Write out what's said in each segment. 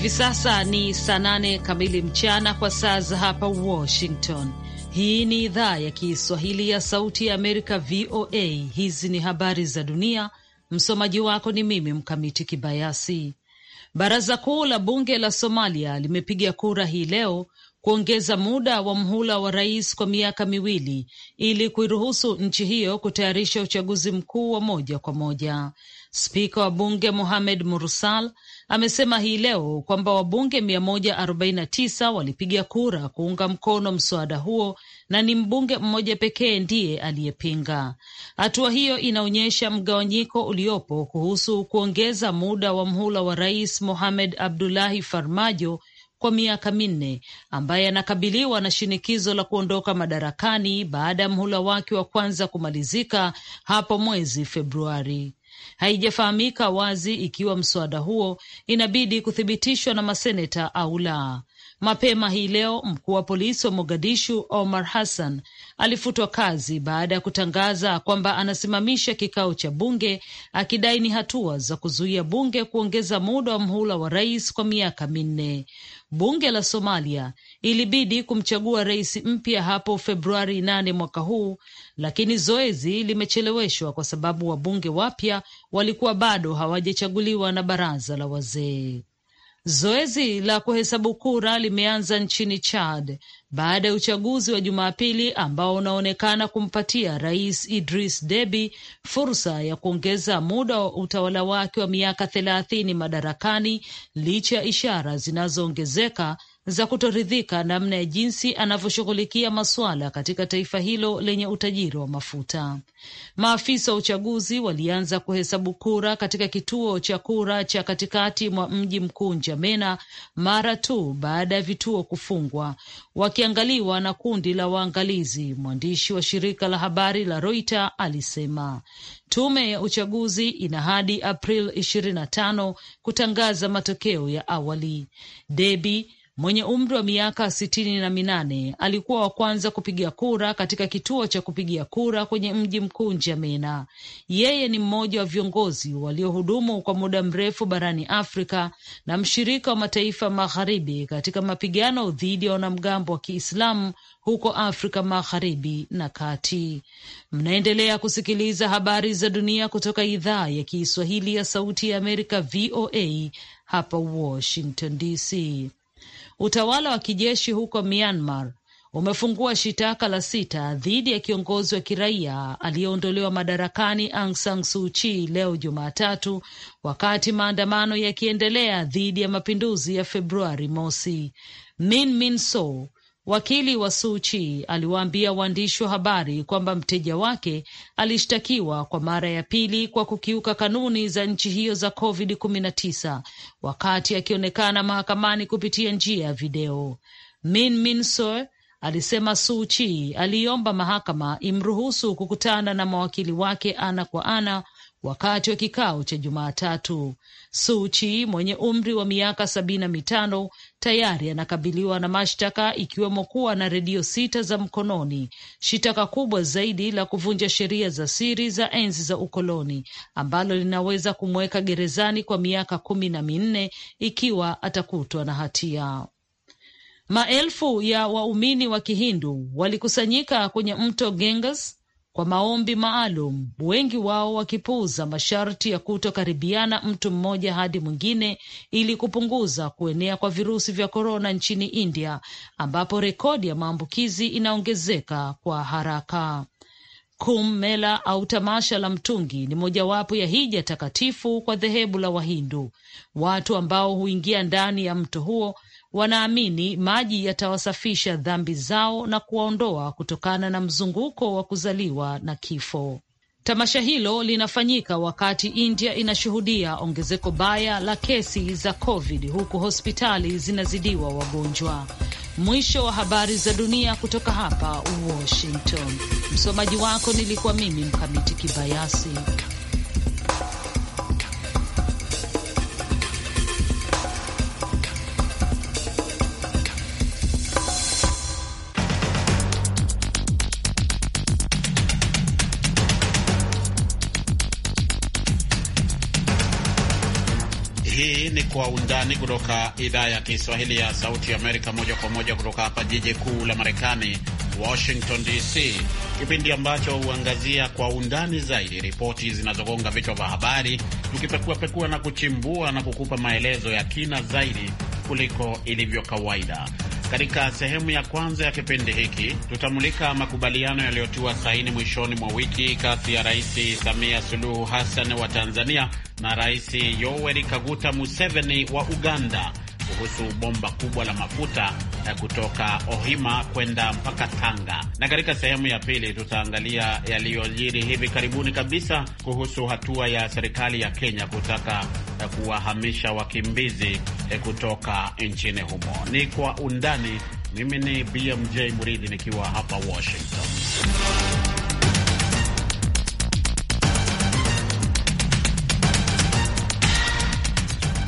Hivi sasa ni saa nane kamili mchana kwa saa za hapa Washington. Hii ni idhaa ya Kiswahili ya Sauti ya Amerika, VOA. Hizi ni habari za dunia. Msomaji wako ni mimi Mkamiti Kibayasi. Baraza kuu la bunge la Somalia limepiga kura hii leo kuongeza muda wa mhula wa rais kwa miaka miwili ili kuiruhusu nchi hiyo kutayarisha uchaguzi mkuu wa moja kwa moja. Spika wa bunge Mohamed Mursal amesema hii leo kwamba wabunge 149 walipiga kura kuunga mkono mswada huo na ni mbunge mmoja pekee ndiye aliyepinga. Hatua hiyo inaonyesha mgawanyiko uliopo kuhusu kuongeza muda wa mhula wa rais Mohamed Abdullahi Farmajo kwa miaka minne ambaye anakabiliwa na shinikizo la kuondoka madarakani baada ya mhula wake wa kwanza kumalizika hapo mwezi Februari. Haijafahamika wazi ikiwa mswada huo inabidi kuthibitishwa na maseneta au la. Mapema hii leo mkuu wa polisi wa Mogadishu Omar Hassan alifutwa kazi baada ya kutangaza kwamba anasimamisha kikao cha bunge akidai ni hatua za kuzuia bunge kuongeza muda wa mhula wa rais kwa miaka minne. Bunge la Somalia ilibidi kumchagua rais mpya hapo Februari nane mwaka huu, lakini zoezi limecheleweshwa kwa sababu wabunge wapya walikuwa bado hawajachaguliwa na baraza la wazee. Zoezi la kuhesabu kura limeanza nchini Chad baada ya uchaguzi wa Jumapili ambao unaonekana kumpatia Rais Idris Deby fursa ya kuongeza muda wa utawala wake wa miaka thelathini madarakani licha ya ishara zinazoongezeka za kutoridhika namna ya jinsi anavyoshughulikia masuala katika taifa hilo lenye utajiri wa mafuta. Maafisa wa uchaguzi walianza kuhesabu kura katika kituo cha kura cha katikati mwa mji mkuu Njamena mara tu baada ya vituo kufungwa, wakiangaliwa na kundi la waangalizi. Mwandishi wa shirika la habari la Reuters alisema tume ya uchaguzi ina hadi April 25 kutangaza matokeo ya awali. Debbie mwenye umri wa miaka sitini na minane alikuwa wa kwanza kupiga kura katika kituo cha kupigia kura kwenye mji mkuu Njamena. Yeye ni mmoja wa viongozi waliohudumu kwa muda mrefu barani Afrika na mshirika wa mataifa magharibi katika mapigano dhidi ya wanamgambo wa Kiislamu huko Afrika magharibi na kati. Mnaendelea kusikiliza habari za dunia kutoka idhaa ya Kiswahili ya Sauti ya Amerika, VOA hapa Washington DC. Utawala wa kijeshi huko Myanmar umefungua shitaka la sita dhidi ya kiongozi wa kiraia aliyeondolewa madarakani Aung San Suu Kyi leo Jumatatu, wakati maandamano yakiendelea dhidi ya mapinduzi ya Februari mosi. Min Min So Wakili wa suchi aliwaambia waandishi wa habari kwamba mteja wake alishtakiwa kwa mara ya pili kwa kukiuka kanuni za nchi hiyo za COVID-19 wakati akionekana mahakamani kupitia njia ya video. Min minso alisema suchi Kyi aliomba mahakama imruhusu kukutana na mawakili wake ana kwa ana wakati wa kikao cha Jumatatu. Suchi mwenye umri wa miaka sabini na mitano tayari anakabiliwa na mashtaka ikiwemo kuwa na redio sita za mkononi, shitaka kubwa zaidi la kuvunja sheria za siri za enzi za ukoloni ambalo linaweza kumweka gerezani kwa miaka kumi na minne ikiwa atakutwa na hatia. Maelfu ya waumini wa Kihindu walikusanyika kwenye mto Ganges kwa maombi maalum, wengi wao wakipuuza masharti ya kutokaribiana mtu mmoja hadi mwingine ili kupunguza kuenea kwa virusi vya korona nchini India ambapo rekodi ya maambukizi inaongezeka kwa haraka. Kumbh Mela au tamasha la mtungi ni mojawapo ya hija takatifu kwa dhehebu la Wahindu. Watu ambao huingia ndani ya mto huo wanaamini maji yatawasafisha dhambi zao na kuwaondoa kutokana na mzunguko wa kuzaliwa na kifo. Tamasha hilo linafanyika wakati India inashuhudia ongezeko baya la kesi za COVID huku hospitali zinazidiwa wagonjwa. Mwisho wa habari za dunia kutoka hapa Washington. Msomaji wako nilikuwa mimi Mkamiti Kibayasi. Kwa Undani kutoka idhaa ya Kiswahili ya Sauti Amerika, moja kwa moja kutoka hapa jiji kuu la Marekani, Washington DC, kipindi ambacho huangazia kwa undani zaidi ripoti zinazogonga vichwa vya habari, tukipekuapekua na kuchimbua na kukupa maelezo ya kina zaidi kuliko ilivyo kawaida. Katika sehemu ya kwanza ya kipindi hiki tutamulika makubaliano yaliyotiwa saini mwishoni mwa wiki kati ya Rais Samia Suluhu Hassan wa Tanzania na Rais Yoweri Kaguta Museveni wa Uganda kuhusu bomba kubwa la mafuta eh, kutoka Ohima kwenda mpaka Tanga, na katika sehemu ya pili tutaangalia yaliyojiri hivi karibuni kabisa kuhusu hatua ya serikali ya Kenya kutaka eh, kuwahamisha wakimbizi eh, kutoka nchini humo. Ni kwa undani. Mimi ni BMJ Muridhi nikiwa hapa Washington.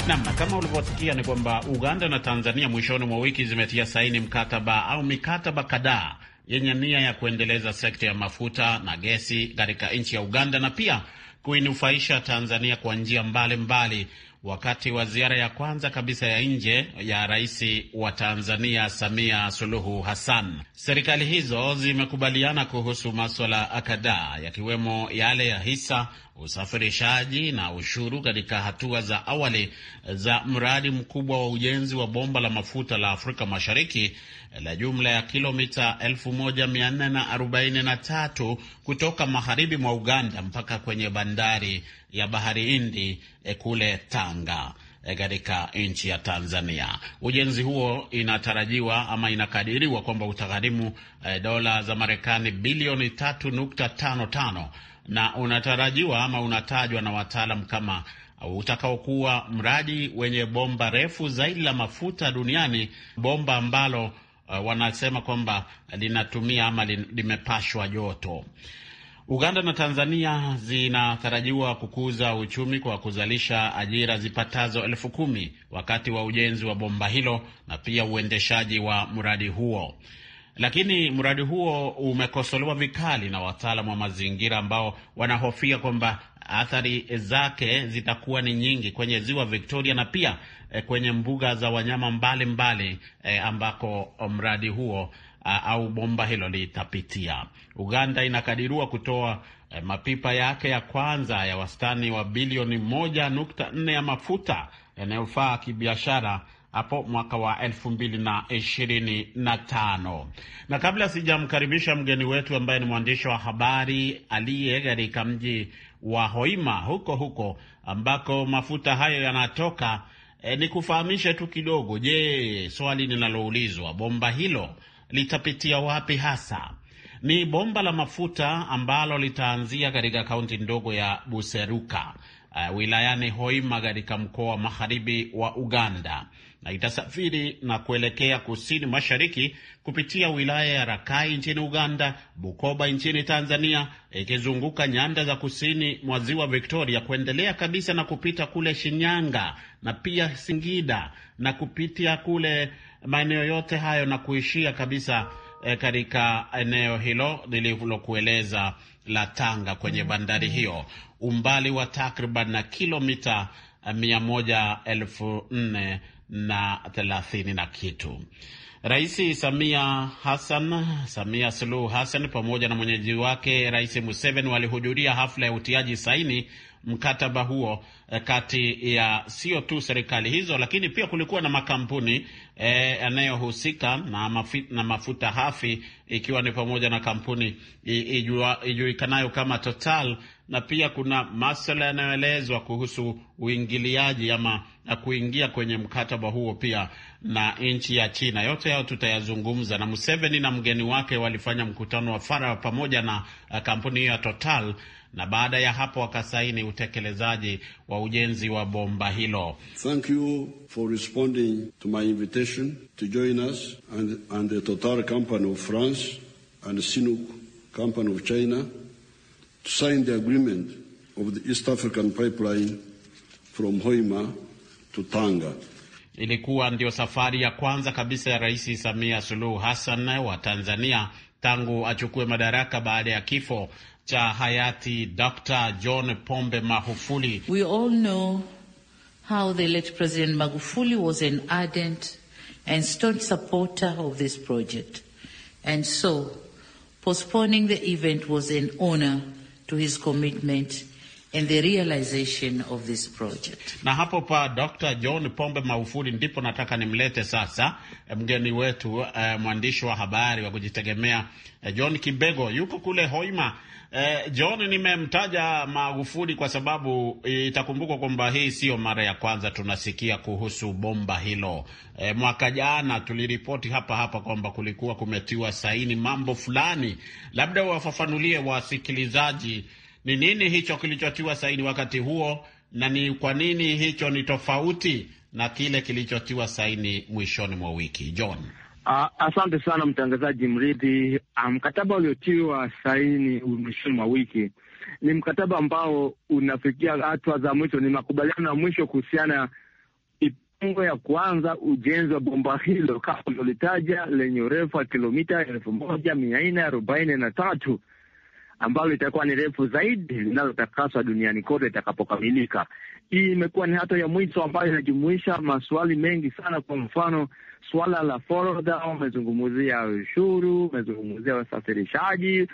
Nam, kama ulivyosikia ni kwamba Uganda na Tanzania mwishoni mwa wiki zimetia saini mkataba au mikataba kadhaa yenye nia ya kuendeleza sekta ya mafuta na gesi katika nchi ya Uganda na pia kuinufaisha Tanzania kwa njia mbalimbali, wakati wa ziara ya kwanza kabisa ya nje ya rais wa Tanzania Samia Suluhu Hassan. Serikali hizo zimekubaliana kuhusu maswala kadhaa yakiwemo yale ya hisa, usafirishaji na ushuru katika hatua za awali za mradi mkubwa wa ujenzi wa bomba la mafuta la Afrika Mashariki la jumla ya kilomita 1443 kutoka magharibi mwa Uganda mpaka kwenye bandari ya Bahari Hindi eh, kule Tanga eh, katika nchi ya Tanzania. Ujenzi huo inatarajiwa ama inakadiriwa kwamba utagharimu eh, dola za Marekani bilioni 3.55 na unatarajiwa ama unatajwa na wataalam kama utakaokuwa mradi wenye bomba refu zaidi la mafuta duniani, bomba ambalo uh, wanasema kwamba linatumia ama limepashwa joto. Uganda na Tanzania zinatarajiwa kukuza uchumi kwa kuzalisha ajira zipatazo elfu kumi wakati wa ujenzi wa bomba hilo na pia uendeshaji wa mradi huo. Lakini mradi huo umekosolewa vikali na wataalamu wa mazingira ambao wanahofia kwamba athari zake zitakuwa ni nyingi kwenye ziwa Victoria na pia eh, kwenye mbuga za wanyama mbalimbali mbali, eh, ambako eh, mradi huo au bomba hilo litapitia. Uganda inakadiriwa kutoa mapipa yake ya kwanza ya wastani wa bilioni moja nukta nne ya mafuta yanayofaa kibiashara hapo mwaka wa elfu mbili na ishirini na tano. Na kabla sijamkaribisha mgeni wetu ambaye ni mwandishi wa habari aliye katika mji wa Hoima huko huko ambako mafuta hayo yanatoka. E, ni kufahamishe tu kidogo. Je, swali linaloulizwa, bomba hilo litapitia wapi hasa? Ni bomba la mafuta ambalo litaanzia katika kaunti ndogo ya Buseruka uh, wilayani Hoima katika mkoa wa magharibi wa Uganda na itasafiri na kuelekea kusini mashariki kupitia wilaya ya Rakai nchini Uganda, Bukoba nchini Tanzania, ikizunguka nyanda za kusini mwa ziwa Victoria kuendelea kabisa na kupita kule Shinyanga na pia Singida na kupitia kule maeneo yote hayo na kuishia kabisa e, katika eneo hilo lililokueleza la Tanga kwenye mm-hmm. bandari mm-hmm. hiyo, umbali wa takriban na kilomita eh, mia moja elfu nne na thelathini na kitu. Rais Samia Hassan, Samia Suluhu Hassan pamoja na mwenyeji wake Rais Museveni walihudhuria hafla ya utiaji saini mkataba huo Eh, kati ya sio tu serikali hizo, lakini pia kulikuwa na makampuni eh, yanayohusika e, na, mafi, na mafuta hafi ikiwa ni pamoja na kampuni ijulikanayo kama Total, na pia kuna masuala yanayoelezwa kuhusu uingiliaji ama na kuingia kwenye mkataba huo pia na nchi ya China. Yote hayo tutayazungumza, na Museveni na mgeni wake walifanya mkutano wa faragha pamoja na eh, kampuni hiyo ya Total, na baada ya hapo wakasaini utekelezaji wa ujenzi wa bomba hilo. Thank you for responding to my invitation to join us and, and the Total Company of France and Company of China to sign the agreement of the East African Pipeline from Hoima to Tanga. Ilikuwa ndio safari ya kwanza kabisa ya Rais Samia Suluhu Hassan wa Tanzania tangu achukue madaraka baada ya kifo cha hayati Dr. John Pombe Magufuli. We all know how the late President Magufuli was an ardent and staunch supporter of this project. And so, postponing the event was an honor to his commitment and the realization of this project. Na hapo pa Dr. John Pombe Magufuli ndipo nataka nimlete sasa eh, mgeni wetu uh, mwandishi wa habari wa kujitegemea uh, John Kibego yuko kule Hoima. Uh, John, nimemtaja Magufuli kwa sababu itakumbukwa kwamba hii siyo mara ya kwanza tunasikia kuhusu bomba hilo. Uh, mwaka jana tuliripoti hapa hapa kwamba kulikuwa kumetiwa saini mambo fulani, labda wafafanulie wasikilizaji ni nini hicho kilichotiwa saini wakati huo na ni kwa nini hicho ni tofauti na kile kilichotiwa saini mwishoni mwa wiki? John. Uh, asante sana mtangazaji mridhi. Ah, mkataba um, uliotiwa saini mwishoni mwa wiki ni mkataba ambao unafikia hatua za mwisho, ni makubaliano ya mwisho kuhusiana mipango ya kuanza ujenzi wa bomba hilo kama uliolitaja lenye urefu wa kilomita elfu moja mia nne arobaini na tatu ambalo itakuwa ni refu zaidi linalotakaswa duniani kote itakapokamilika. Hii imekuwa ni hatua ya mwisho ambayo inajumuisha maswali mengi sana. Kwa mfano, suala la forodha, umezungumzia ushuru, amezungumzia usafirishaji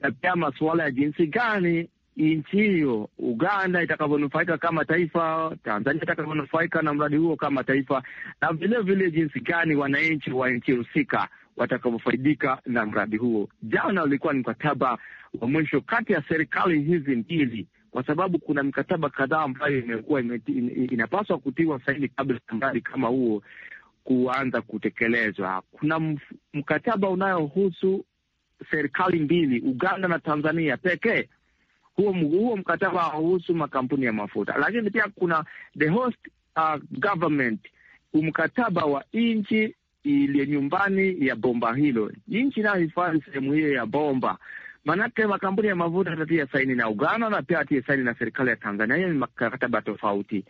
na pia masuala ya jinsi gani nchi hiyo Uganda itakavyonufaika kama taifa, Tanzania itakavyonufaika na mradi huo kama taifa, na vilevile jinsi gani wananchi wa nchi husika watakavyofaidika na mradi huo. Jana ulikuwa ni mkataba wa mwisho kati ya serikali hizi mbili, kwa sababu kuna mikataba kadhaa ambayo imekuwa inapaswa kutiwa saini kabla ya mradi kama huo kuanza kutekelezwa. Kuna mkataba unayohusu serikali mbili, Uganda na Tanzania pekee. Huo, huo mkataba hauhusu makampuni ya mafuta, lakini pia kuna the host, uh, government, mkataba wa nchi ile nyumbani ya bomba hilo, nchi inayohifadhi sehemu hiyo ya bomba. Maanake makampuni ya mafuta atatia saini na Uganda na pia atie saini na serikali ya Tanzania. Hiyo ni makataba tofauti.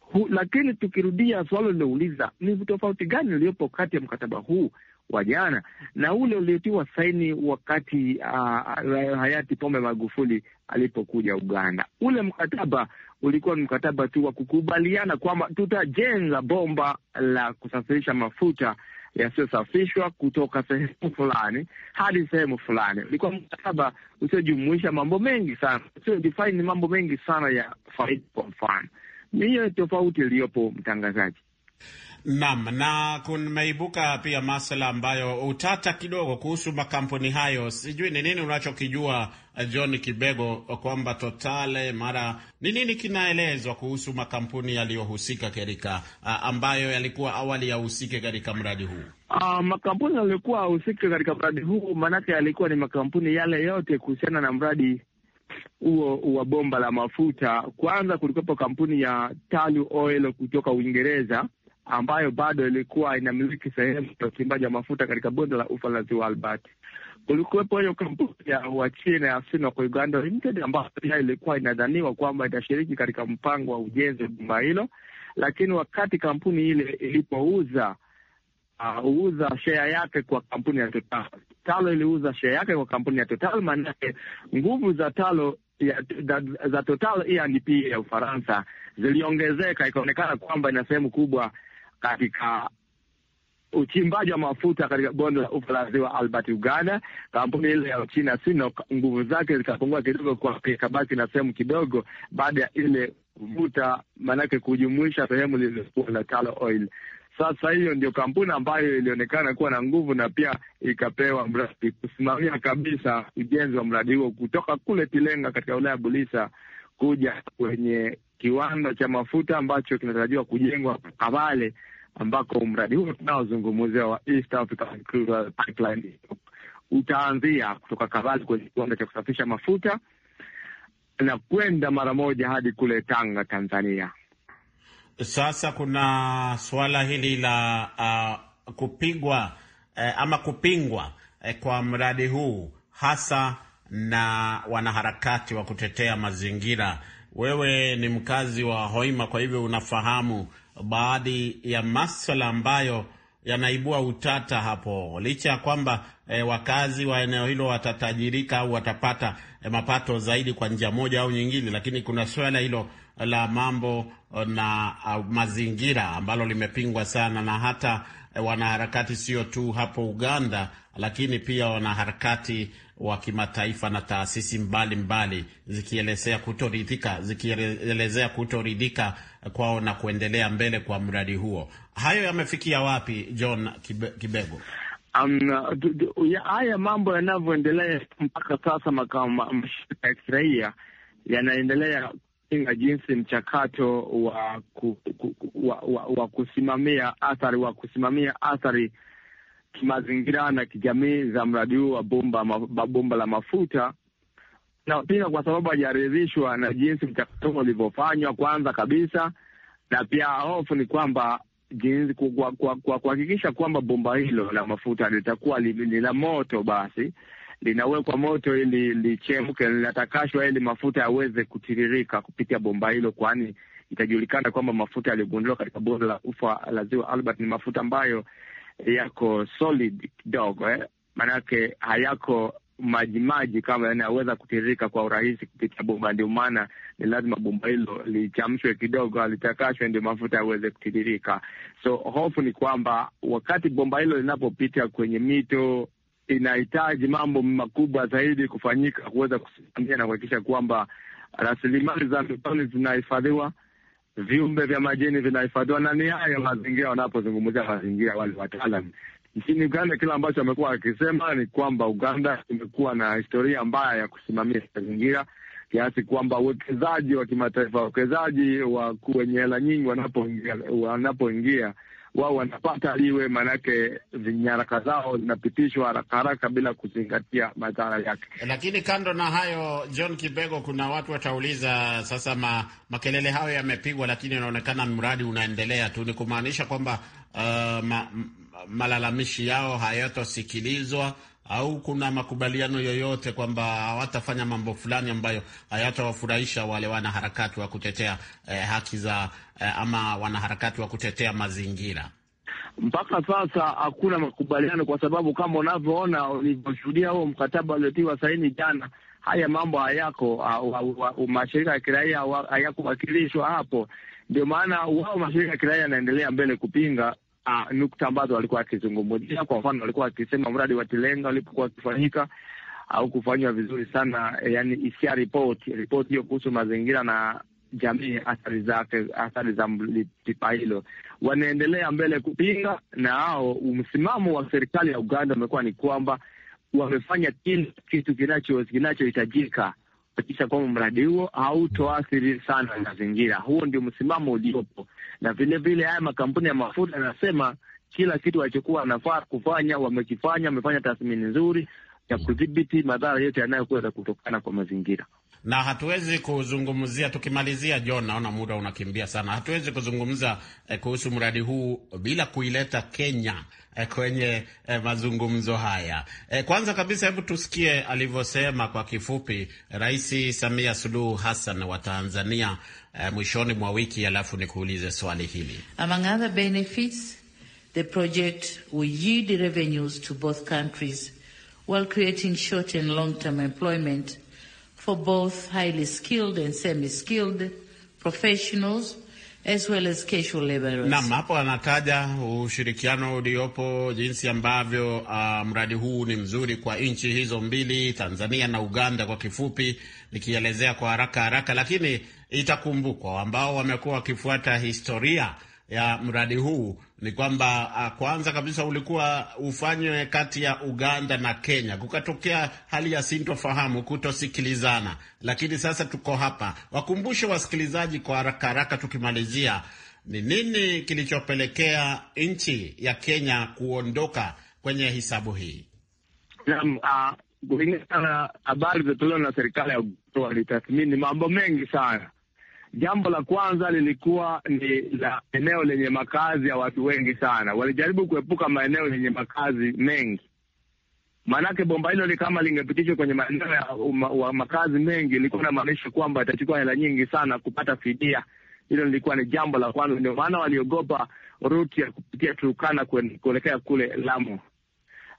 Hu, lakini tukirudia swali lilouliza ni tofauti gani uliopo kati ya mkataba huu wa jana na ule uliotiwa saini wakati uh, hayati Pombe Magufuli alipokuja Uganda. Ule mkataba ulikuwa ni mkataba tu wa kukubaliana kwamba tutajenga bomba la kusafirisha mafuta yasiyosafishwa kutoka sehemu fulani hadi sehemu fulani. Ulikuwa mkataba usiojumuisha mambo mengi sana, usiodefine mambo mengi sana ya faida. Kwa mfano, ni hiyo tofauti iliyopo, mtangazaji. Naam, na kumeibuka pia masala ambayo utata kidogo kuhusu makampuni hayo. Sijui ni nini unachokijua John Kibego, kwamba Totale mara ni nini kinaelezwa kuhusu makampuni yaliyohusika katika ambayo yalikuwa awali yahusike katika mradi huu? Uh, makampuni yalikuwa yahusike katika mradi huu, maanake yalikuwa ni makampuni yale yote kuhusiana na mradi huo wa bomba la mafuta. Kwanza kulikuwepo kampuni ya Talu Oil kutoka Uingereza ambayo bado ilikuwa inamiliki sehemu ya uchimbaji wa mafuta katika bonde la ufa la ziwa Albert. Kulikuwepo hiyo kampuni ya Wachina ya Sinoco Uganda Limited ambayo pia ilikuwa inadhaniwa kwamba itashiriki katika mpango wa ujenzi wa bomba hilo, lakini wakati kampuni ile ilipouza huuza uh, shea yake kwa kampuni ya Total. Talo iliuza shea yake kwa kampuni ya Total, maanake nguvu za Talo ya, da, za Total E&P ya Ufaransa ziliongezeka, ikaonekana kwamba ina sehemu kubwa katika uchimbaji wa mafuta katika bonde la ufa la ziwa Albert, Uganda. Kampuni ile ya Uchina Sinopec nguvu zake zikapungua kidogo kwa ikabaki na sehemu kidogo baada ya ile kuvuta, maanake kujumuisha sehemu lililokuwa na Talo Oil. Sasa hiyo ndio kampuni ambayo ilionekana kuwa na nguvu na pia ikapewa mradi kusimamia kabisa ujenzi wa mradi huo kutoka kule Tilenga katika wilaya ya Bulisa kuja kwenye kiwanda cha mafuta ambacho kinatarajiwa kujengwa Kabale ambako mradi huo tunaozungumzia wa East African Crude Pipeline utaanzia kutoka kabali kwenye kiwanda cha kusafisha mafuta na kwenda mara moja hadi kule Tanga, Tanzania. Sasa kuna suala hili la uh, kupigwa eh, ama kupingwa eh, kwa mradi huu hasa na wanaharakati wa kutetea mazingira. Wewe ni mkazi wa Hoima, kwa hivyo unafahamu baadhi ya maswala ambayo yanaibua utata hapo, licha ya kwamba e, wakazi wa eneo hilo watatajirika au watapata e, mapato zaidi kwa njia moja au nyingine, lakini kuna swala hilo la mambo eh, na a, mazingira ambalo limepingwa sana na hata e, wanaharakati sio tu hapo Uganda, lakini pia wanaharakati wa kimataifa na taasisi mbalimbali zikielezea kutoridhika zikielezea kutoridhika kwao na kuendelea mbele kwa mradi huo. Hayo yamefikia wapi, John Kibego? Um, haya mambo yanavyoendelea mpaka sasa, mashirika ya kiraia yanaendelea kupinga jinsi mchakato wa, ku, ku, wa, wa, wa kusimamia athari wa kusimamia athari kimazingira na kijamii za mradi huu wa bomba la mafuta na pia kwa sababu hajaridhishwa na jinsi mchakato ulivyofanywa kwanza kabisa, na pia hofu ni kwamba jinsi kwa kuhakikisha kwamba bomba hilo la mafuta litakuwa ni la moto, basi linawekwa moto ili lichemke, linatakashwa ili mafuta yaweze kutiririka kupitia bomba hilo, kwani itajulikana kwamba mafuta yaliyogunduliwa katika bonde la ufa la ziwa Albert ni mafuta ambayo yako solid kidogo eh? Maanake hayako maji maji kama yani aweza kutiririka kwa urahisi kupitia bomba. Ndio maana ni lazima bomba hilo lichamshwe kidogo, alitakashwe ndio mafuta yaweze kutiririka. So hofu ni kwamba wakati bomba hilo linapopita kwenye mito inahitaji mambo makubwa zaidi kufanyika kuweza kusimamia na kuhakikisha kwamba rasilimali za mitoni zinahifadhiwa, viumbe vya majini vinahifadhiwa, na ni haya mazingira. Wanapozungumzia mazingira, wale wataalam nchini Uganda, kile ambacho amekuwa akisema ni kwamba Uganda imekuwa na historia mbaya ya kusimamia mazingira kiasi kwamba uwekezaji wa kimataifa, wawekezaji wa wenye hela nyingi wanapoingia wao wanapata liwe, maanake nyaraka zao zinapitishwa haraka haraka bila kuzingatia madhara yake. Lakini kando na hayo, John Kibego, kuna watu watauliza sasa, ma, makelele hayo yamepigwa, lakini inaonekana mradi unaendelea tu, ni kumaanisha kwamba uh, ma, malalamishi yao hayatasikilizwa au kuna makubaliano yoyote kwamba hawatafanya mambo fulani ambayo hayatawafurahisha wale wanaharakati wa kutetea eh, haki za eh, ama wanaharakati wa kutetea mazingira? Mpaka sasa hakuna makubaliano, kwa sababu kama unavyoona ulivyoshuhudia huo mkataba waliotiwa saini jana, haya mambo hayako, mashirika ya kiraia hayakuwakilishwa hapo. Ndio maana wao mashirika ya kiraia yanaendelea mbele kupinga uh, nukta ambazo walikuwa wakizungumzia. Kwa mfano, walikuwa wakisema mradi wa Tilenga ulipokuwa wakifanyika au kufanywa vizuri sana, eh, yani isia ripoti ripoti hiyo kuhusu mazingira na jamii athari zake, athari za pipa hilo. Wanaendelea mbele kupinga, na ao msimamo wa serikali ya Uganda umekuwa ni kwamba wamefanya kila kitu kinachohitajika kuhakikisha kwamba mradi huo hautoathiri sana mazingira. Huo ndio msimamo uliopo, na vilevile haya makampuni ya mafuta yanasema kila kitu walichokuwa wanafaa kufanya wamekifanya, wamefanya tathmini nzuri ya kudhibiti madhara yote yanayoweza kutokana kwa mazingira na hatuwezi kuzungumzia, tukimalizia, John, naona muda unakimbia sana, hatuwezi kuzungumza eh, kuhusu mradi huu bila kuileta Kenya eh, kwenye eh, mazungumzo haya eh, kwanza kabisa, hebu tusikie alivyosema kwa kifupi Rais Samia Suluhu Hassan wa Tanzania eh, mwishoni mwa wiki, alafu nikuulize swali hili. Among other benefits, the project will yield revenues to both countries while creating short and long-term employment for both highly skilled and semi-skilled professionals as well as casual laborers. Naam, hapo anataja ushirikiano uliopo jinsi ambavyo uh, mradi huu ni mzuri kwa nchi hizo mbili Tanzania na Uganda kwa kifupi nikielezea kwa haraka haraka, lakini itakumbukwa ambao wamekuwa wakifuata historia ya mradi huu ni kwamba ah, kwanza kabisa ulikuwa ufanywe kati ya Uganda na Kenya, kukatokea hali ya sintofahamu, kutosikilizana, lakini sasa tuko hapa. Wakumbushe wasikilizaji kwa haraka haraka, tukimalizia, ni nini kilichopelekea nchi ya Kenya kuondoka kwenye hisabu hii? Naam, kulingana ah, na habari zilizotolewa na serikali ya Uganda, walitathmini mambo mengi sana Jambo la kwanza lilikuwa ni la eneo lenye makazi ya watu wengi sana. Walijaribu kuepuka maeneo yenye makazi mengi, maanake bomba hilo ni kama lingepitishwa kwenye maeneo ya wa makazi mengi, ilikuwa inamaanisha kwamba itachukua hela nyingi sana kupata fidia. Hilo lilikuwa ni jambo la kwanza, ndio maana waliogopa ruti ya kupitia Turukana kuelekea kule Lamu.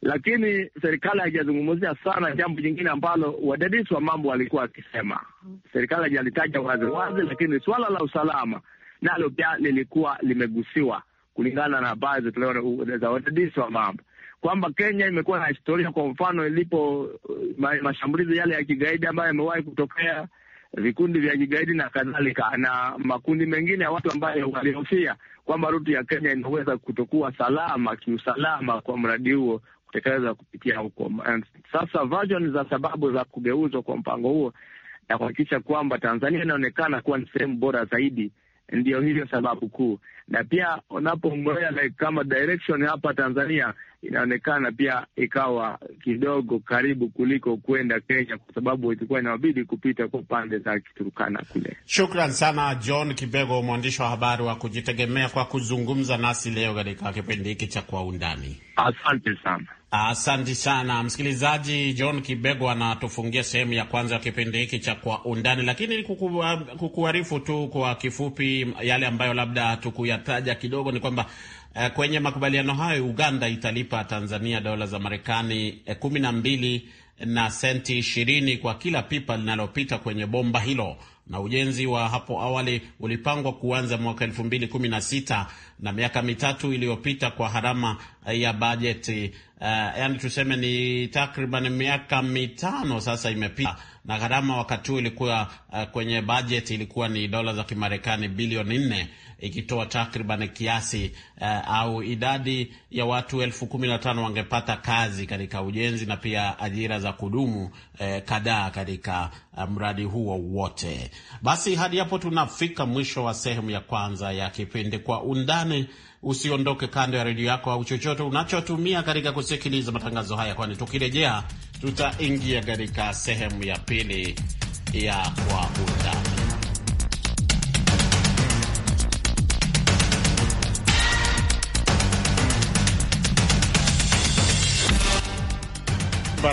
Lakini serikali haijazungumzia sana jambo jingine ambalo wadadisi wa mambo walikuwa wakisema. Serikali haijalitaja wazi wazi, lakini suala la usalama nalo pia lilikuwa limegusiwa kulingana na habari za wadadisi wa mambo kwamba Kenya imekuwa na historia, kwa mfano ilipo uh, mashambulizi yale ya kigaidi ambayo yamewahi kutokea vikundi vya kigaidi na kadhalika, na makundi mengine ya watu ambayo walihofia kwamba rutu ya Kenya inaweza kutokuwa salama kiusalama kwa mradi huo kutekeleza kupitia huko. Sasa version za sababu za kugeuzwa kwa mpango huo na kuhakikisha kwamba Tanzania inaonekana kuwa ni sehemu bora zaidi, ndio hiyo sababu kuu. Na pia unapomwelea like, kama direction hapa Tanzania inaonekana pia ikawa kidogo karibu kuliko kwenda Kenya, kwa sababu ilikuwa inawabidi kupita kwa pande za Kiturukana kule. Shukran sana John Kibego, mwandishi wa habari wa kujitegemea, kwa kuzungumza nasi leo katika kipindi hiki cha Kwa Undani. Asante sana. Asante sana msikilizaji. John Kibego anatufungia sehemu ya kwanza ya kipindi hiki cha Kwa Undani, lakini kukuharifu tu kwa kifupi yale ambayo labda tukuyataja kidogo ni kwamba Eh, kwenye makubaliano hayo Uganda italipa Tanzania dola za Marekani eh, kumi na mbili na senti ishirini kwa kila pipa linalopita kwenye bomba hilo, na ujenzi wa hapo awali ulipangwa kuanza mwaka elfu mbili kumi na sita na miaka mitatu iliyopita kwa harama eh, ya bajeti uh, yani tuseme ni takriban miaka mitano sasa imepita, na gharama wakati huu ilikuwa uh, kwenye bajeti ilikuwa ni dola za Kimarekani bilioni nne ikitoa takriban kiasi uh, au idadi ya watu elfu kumi na tano wangepata kazi katika ujenzi na pia ajira za kudumu eh, kadhaa katika eh, mradi huo wote. Basi hadi hapo tunafika mwisho wa sehemu ya kwanza ya kipindi Kwa Undani. Usiondoke kando ya redio yako au chochote unachotumia katika kusikiliza matangazo haya, kwani tukirejea, tutaingia katika sehemu ya pili ya Kwa Undani.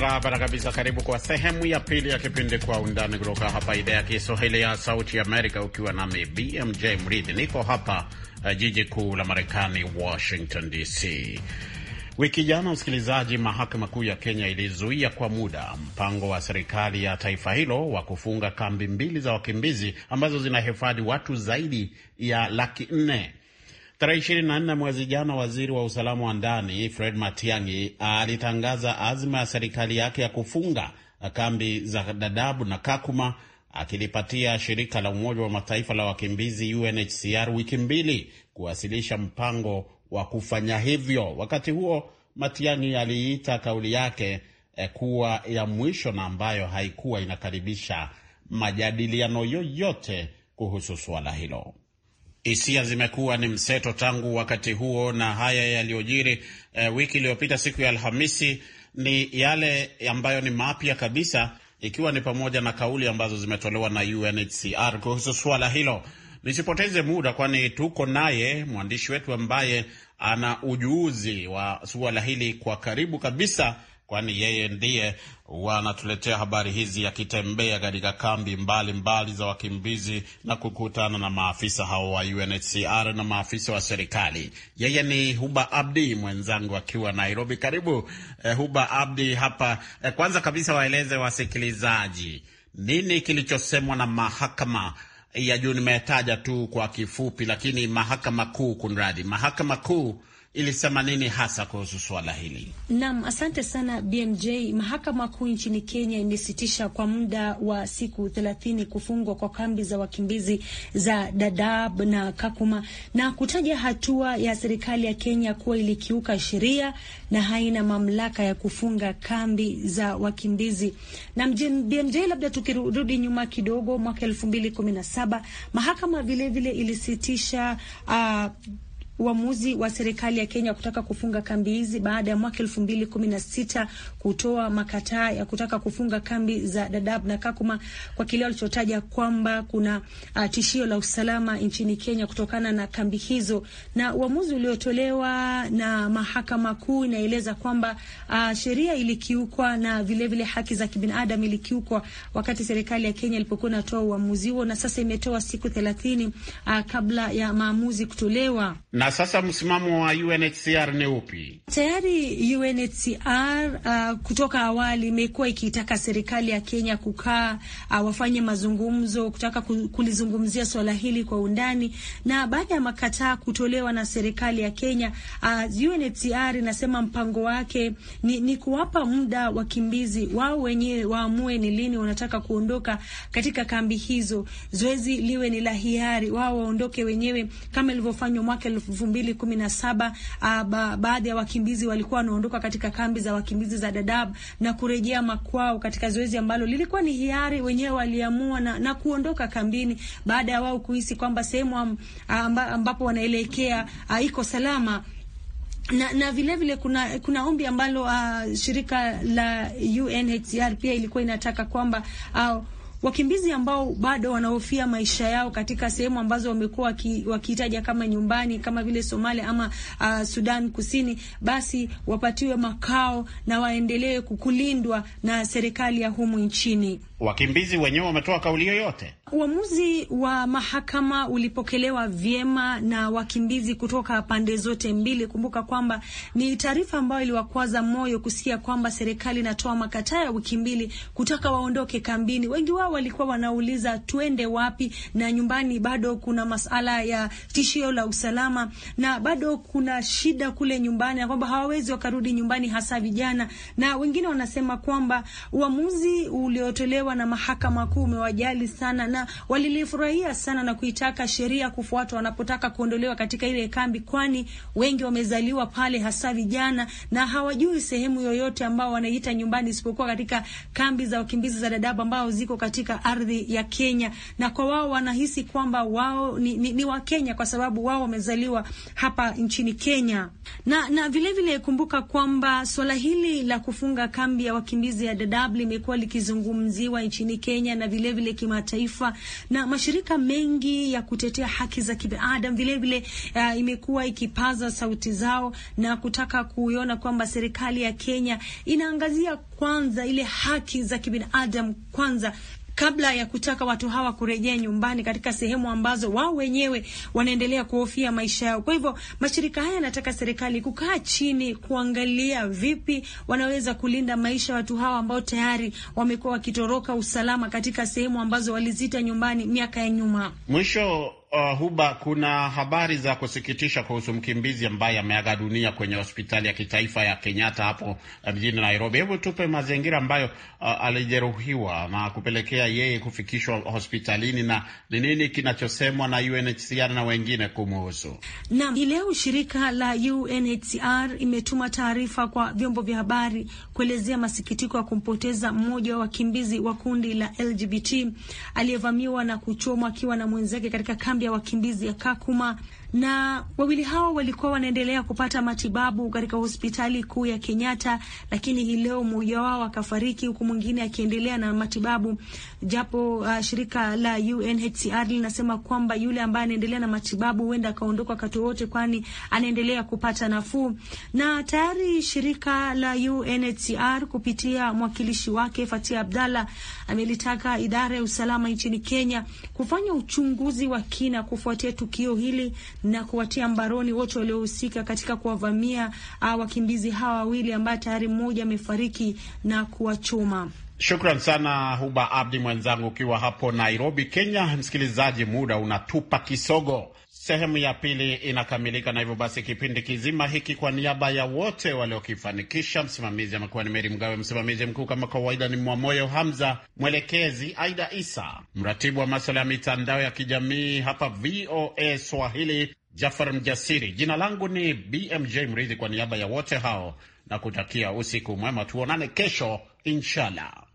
Barabara kabisa. Karibu kwa sehemu ya pili ya kipindi Kwa Undani kutoka hapa idhaa ya Kiswahili ya Sauti Amerika, ukiwa nami BMJ Mridhi. Niko hapa uh, jiji kuu la Marekani, Washington DC. Wiki jana, msikilizaji, mahakama kuu ya Kenya ilizuia kwa muda mpango wa serikali ya taifa hilo wa kufunga kambi mbili za wakimbizi ambazo zinahifadhi watu zaidi ya laki nne Tarehe 24 mwezi jana, waziri wa usalama wa ndani Fred Matiang'i alitangaza azma ya serikali yake ya kufunga kambi za dadabu na Kakuma, akilipatia shirika la Umoja wa Mataifa la wakimbizi UNHCR wiki mbili kuwasilisha mpango wa kufanya hivyo. Wakati huo Matiang'i aliita kauli yake eh, kuwa ya mwisho na ambayo haikuwa inakaribisha majadiliano yoyote kuhusu suala hilo. Hisia zimekuwa ni mseto tangu wakati huo, na haya yaliyojiri eh, wiki iliyopita siku ya Alhamisi ni yale ambayo ni mapya kabisa, ikiwa ni pamoja na kauli ambazo zimetolewa na UNHCR kuhusu suala hilo. Nisipoteze muda, kwani tuko naye mwandishi wetu ambaye ana ujuzi wa suala hili kwa karibu kabisa kwani yeye ndiye wanatuletea habari hizi akitembea katika kambi mbalimbali mbali za wakimbizi na kukutana na maafisa hao wa UNHCR na maafisa wa serikali. Yeye ni Huba Abdi mwenzangu akiwa Nairobi. Karibu eh, Huba Abdi hapa. Eh, kwanza kabisa waeleze wasikilizaji nini kilichosemwa na mahakama ya juu. Nimetaja tu kwa kifupi, lakini mahakama kuu, kunradi mahakama kuu ilisema nini hasa kuhusu suala hili? Naam, asante sana BMJ. Mahakama Kuu nchini Kenya imesitisha kwa muda wa siku thelathini kufungwa kwa kambi za wakimbizi za Dadaab na Kakuma na kutaja hatua ya serikali ya Kenya kuwa ilikiuka sheria na haina mamlaka ya kufunga kambi za wakimbizi. Na BMJ, labda tukirudi nyuma kidogo, mwaka elfu mbili kumi na saba mahakama vilevile vile ilisitisha uh, uamuzi wa serikali ya Kenya kutaka kufunga kambi hizi baada ya mwaka elfu mbili kumi na sita kutoa makataa ya kutaka kufunga kambi za Dadaab na Kakuma kwa kile walichotaja kwamba kuna uh, tishio la usalama nchini Kenya kutokana na kambi hizo, na uamuzi uliotolewa na mahakama kuu inaeleza kwamba uh, sheria ilikiukwa na vilevile vile haki za kibinadamu ilikiukwa wakati serikali ya Kenya ilipokuwa inatoa uamuzi huo, na sasa imetoa siku thelathini uh, kabla ya maamuzi kutolewa na na sasa msimamo wa UNHCR ni upi? Tayari UNHCR uh, kutoka awali imekuwa ikitaka serikali ya Kenya kukaa uh, wafanye mazungumzo kutaka kulizungumzia swala hili kwa undani, na baada ya makataa kutolewa na serikali ya Kenya uh, UNHCR inasema mpango wake ni, ni kuwapa muda wakimbizi wao wenyewe waamue ni lini wanataka kuondoka katika kambi hizo, zoezi liwe ni la hiari, wao waondoke wenyewe kama ilivyofanywa mwaka elfu elfu mbili kumi na saba ah, ba, baadhi ya wakimbizi walikuwa wanaondoka katika kambi za wakimbizi za Dadaab na kurejea makwao katika zoezi ambalo lilikuwa ni hiari. Wenyewe waliamua na, na kuondoka kambini baada ya wao kuhisi kwamba sehemu amba, ambapo wanaelekea ah, iko salama na, na vile vile kuna, kuna ombi ambalo uh, shirika la UNHCR pia ilikuwa inataka kwamba uh, wakimbizi ambao bado wanahofia maisha yao katika sehemu ambazo wamekuwa wakihitaja kama nyumbani kama vile Somalia ama uh, Sudan Kusini, basi wapatiwe makao na waendelee kukulindwa na serikali ya humu nchini. Wakimbizi wenyewe wametoa kauli yoyote? Uamuzi wa mahakama ulipokelewa vyema na wakimbizi kutoka pande zote mbili. Kumbuka kwamba ni taarifa ambayo iliwakwaza moyo kusikia kwamba serikali inatoa makataa ya wiki mbili kutaka waondoke kambini. Wengi wao walikuwa wanauliza tuende wapi, na nyumbani bado kuna masala ya tishio la usalama, na bado kuna shida kule nyumbani, na kwamba hawawezi wakarudi nyumbani, hasa vijana. Na wengine wanasema kwamba uamuzi uliotolewa na mahakama kuu umewajali sana na walilifurahia sana na kuitaka sheria kufuatwa wanapotaka kuondolewa katika ile kambi, kwani wengi wamezaliwa pale, hasa vijana, na hawajui sehemu yoyote ambao wanaita nyumbani isipokuwa katika kambi za wakimbizi za Dadaab ambao ziko katika ardhi ya Kenya, na kwa wao wanahisi kwamba wao ni, ni, ni wa Kenya kwa sababu wao wamezaliwa hapa nchini Kenya na na vile vile kumbuka kwamba swala hili la kufunga kambi ya wakimbizi ya Dadaab limekuwa likizungumziwa nchini Kenya na vile vile kimataifa kimataifa na mashirika mengi ya kutetea haki za kibinadamu vilevile, uh, eh, imekuwa ikipaza sauti zao na kutaka kuiona kwamba serikali ya Kenya inaangazia kwanza ile haki za kibinadamu kwanza kabla ya kutaka watu hawa kurejea nyumbani katika sehemu ambazo wao wenyewe wanaendelea kuhofia maisha yao. Kwa hivyo mashirika haya yanataka serikali kukaa chini, kuangalia vipi wanaweza kulinda maisha ya watu hawa ambao tayari wamekuwa wakitoroka usalama katika sehemu ambazo walizita nyumbani miaka ya nyuma. Mwisho uh, Huba, kuna habari za kusikitisha kuhusu mkimbizi ambaye ameaga dunia kwenye hospitali ya kitaifa ya Kenyatta hapo eh, mjini Nairobi. Hebu tupe mazingira ambayo uh, alijeruhiwa na kupelekea yeye kufikishwa hospitalini na ni nini kinachosemwa na UNHCR na wengine kumuhusu. Naam, leo shirika la UNHCR imetuma taarifa kwa vyombo vya habari kuelezea masikitiko ya kumpoteza mmoja wa wakimbizi wa kundi la LGBT aliyevamiwa na kuchomwa akiwa na mwenzake katika kambi kambi ya wakimbizi ya Kakuma, na wawili hao walikuwa wanaendelea kupata matibabu katika hospitali kuu ya Kenyatta, lakini hii leo mmoja wao akafariki huku mwingine akiendelea na matibabu, japo uh, shirika la UNHCR linasema kwamba yule ambaye anaendelea na matibabu huenda akaondoka wakati wowote, kwani anaendelea kupata nafuu. Na tayari shirika la UNHCR kupitia mwakilishi wake Fatia Abdalla amelitaka idara ya usalama nchini Kenya kufanya uchunguzi wa kina Palestina kufuatia tukio hili na kuwatia mbaroni wote waliohusika katika kuwavamia ah, wakimbizi hawa wawili ambaye tayari mmoja amefariki na kuwachoma. Shukran sana Huba Abdi mwenzangu, ukiwa hapo Nairobi, Kenya. Msikilizaji, muda unatupa kisogo. Sehemu ya pili inakamilika, na hivyo basi kipindi kizima hiki, kwa niaba ya wote waliokifanikisha, msimamizi amekuwa ni Meri Mgawe, msimamizi mkuu kama kawaida ni Mwamoyo Hamza, mwelekezi Aida Isa, mratibu wa maswala ya mitandao ya kijamii hapa VOA Swahili Jafar Mjasiri. Jina langu ni BMJ Mridhi, kwa niaba ya wote hao na kutakia usiku mwema, tuonane kesho inshallah.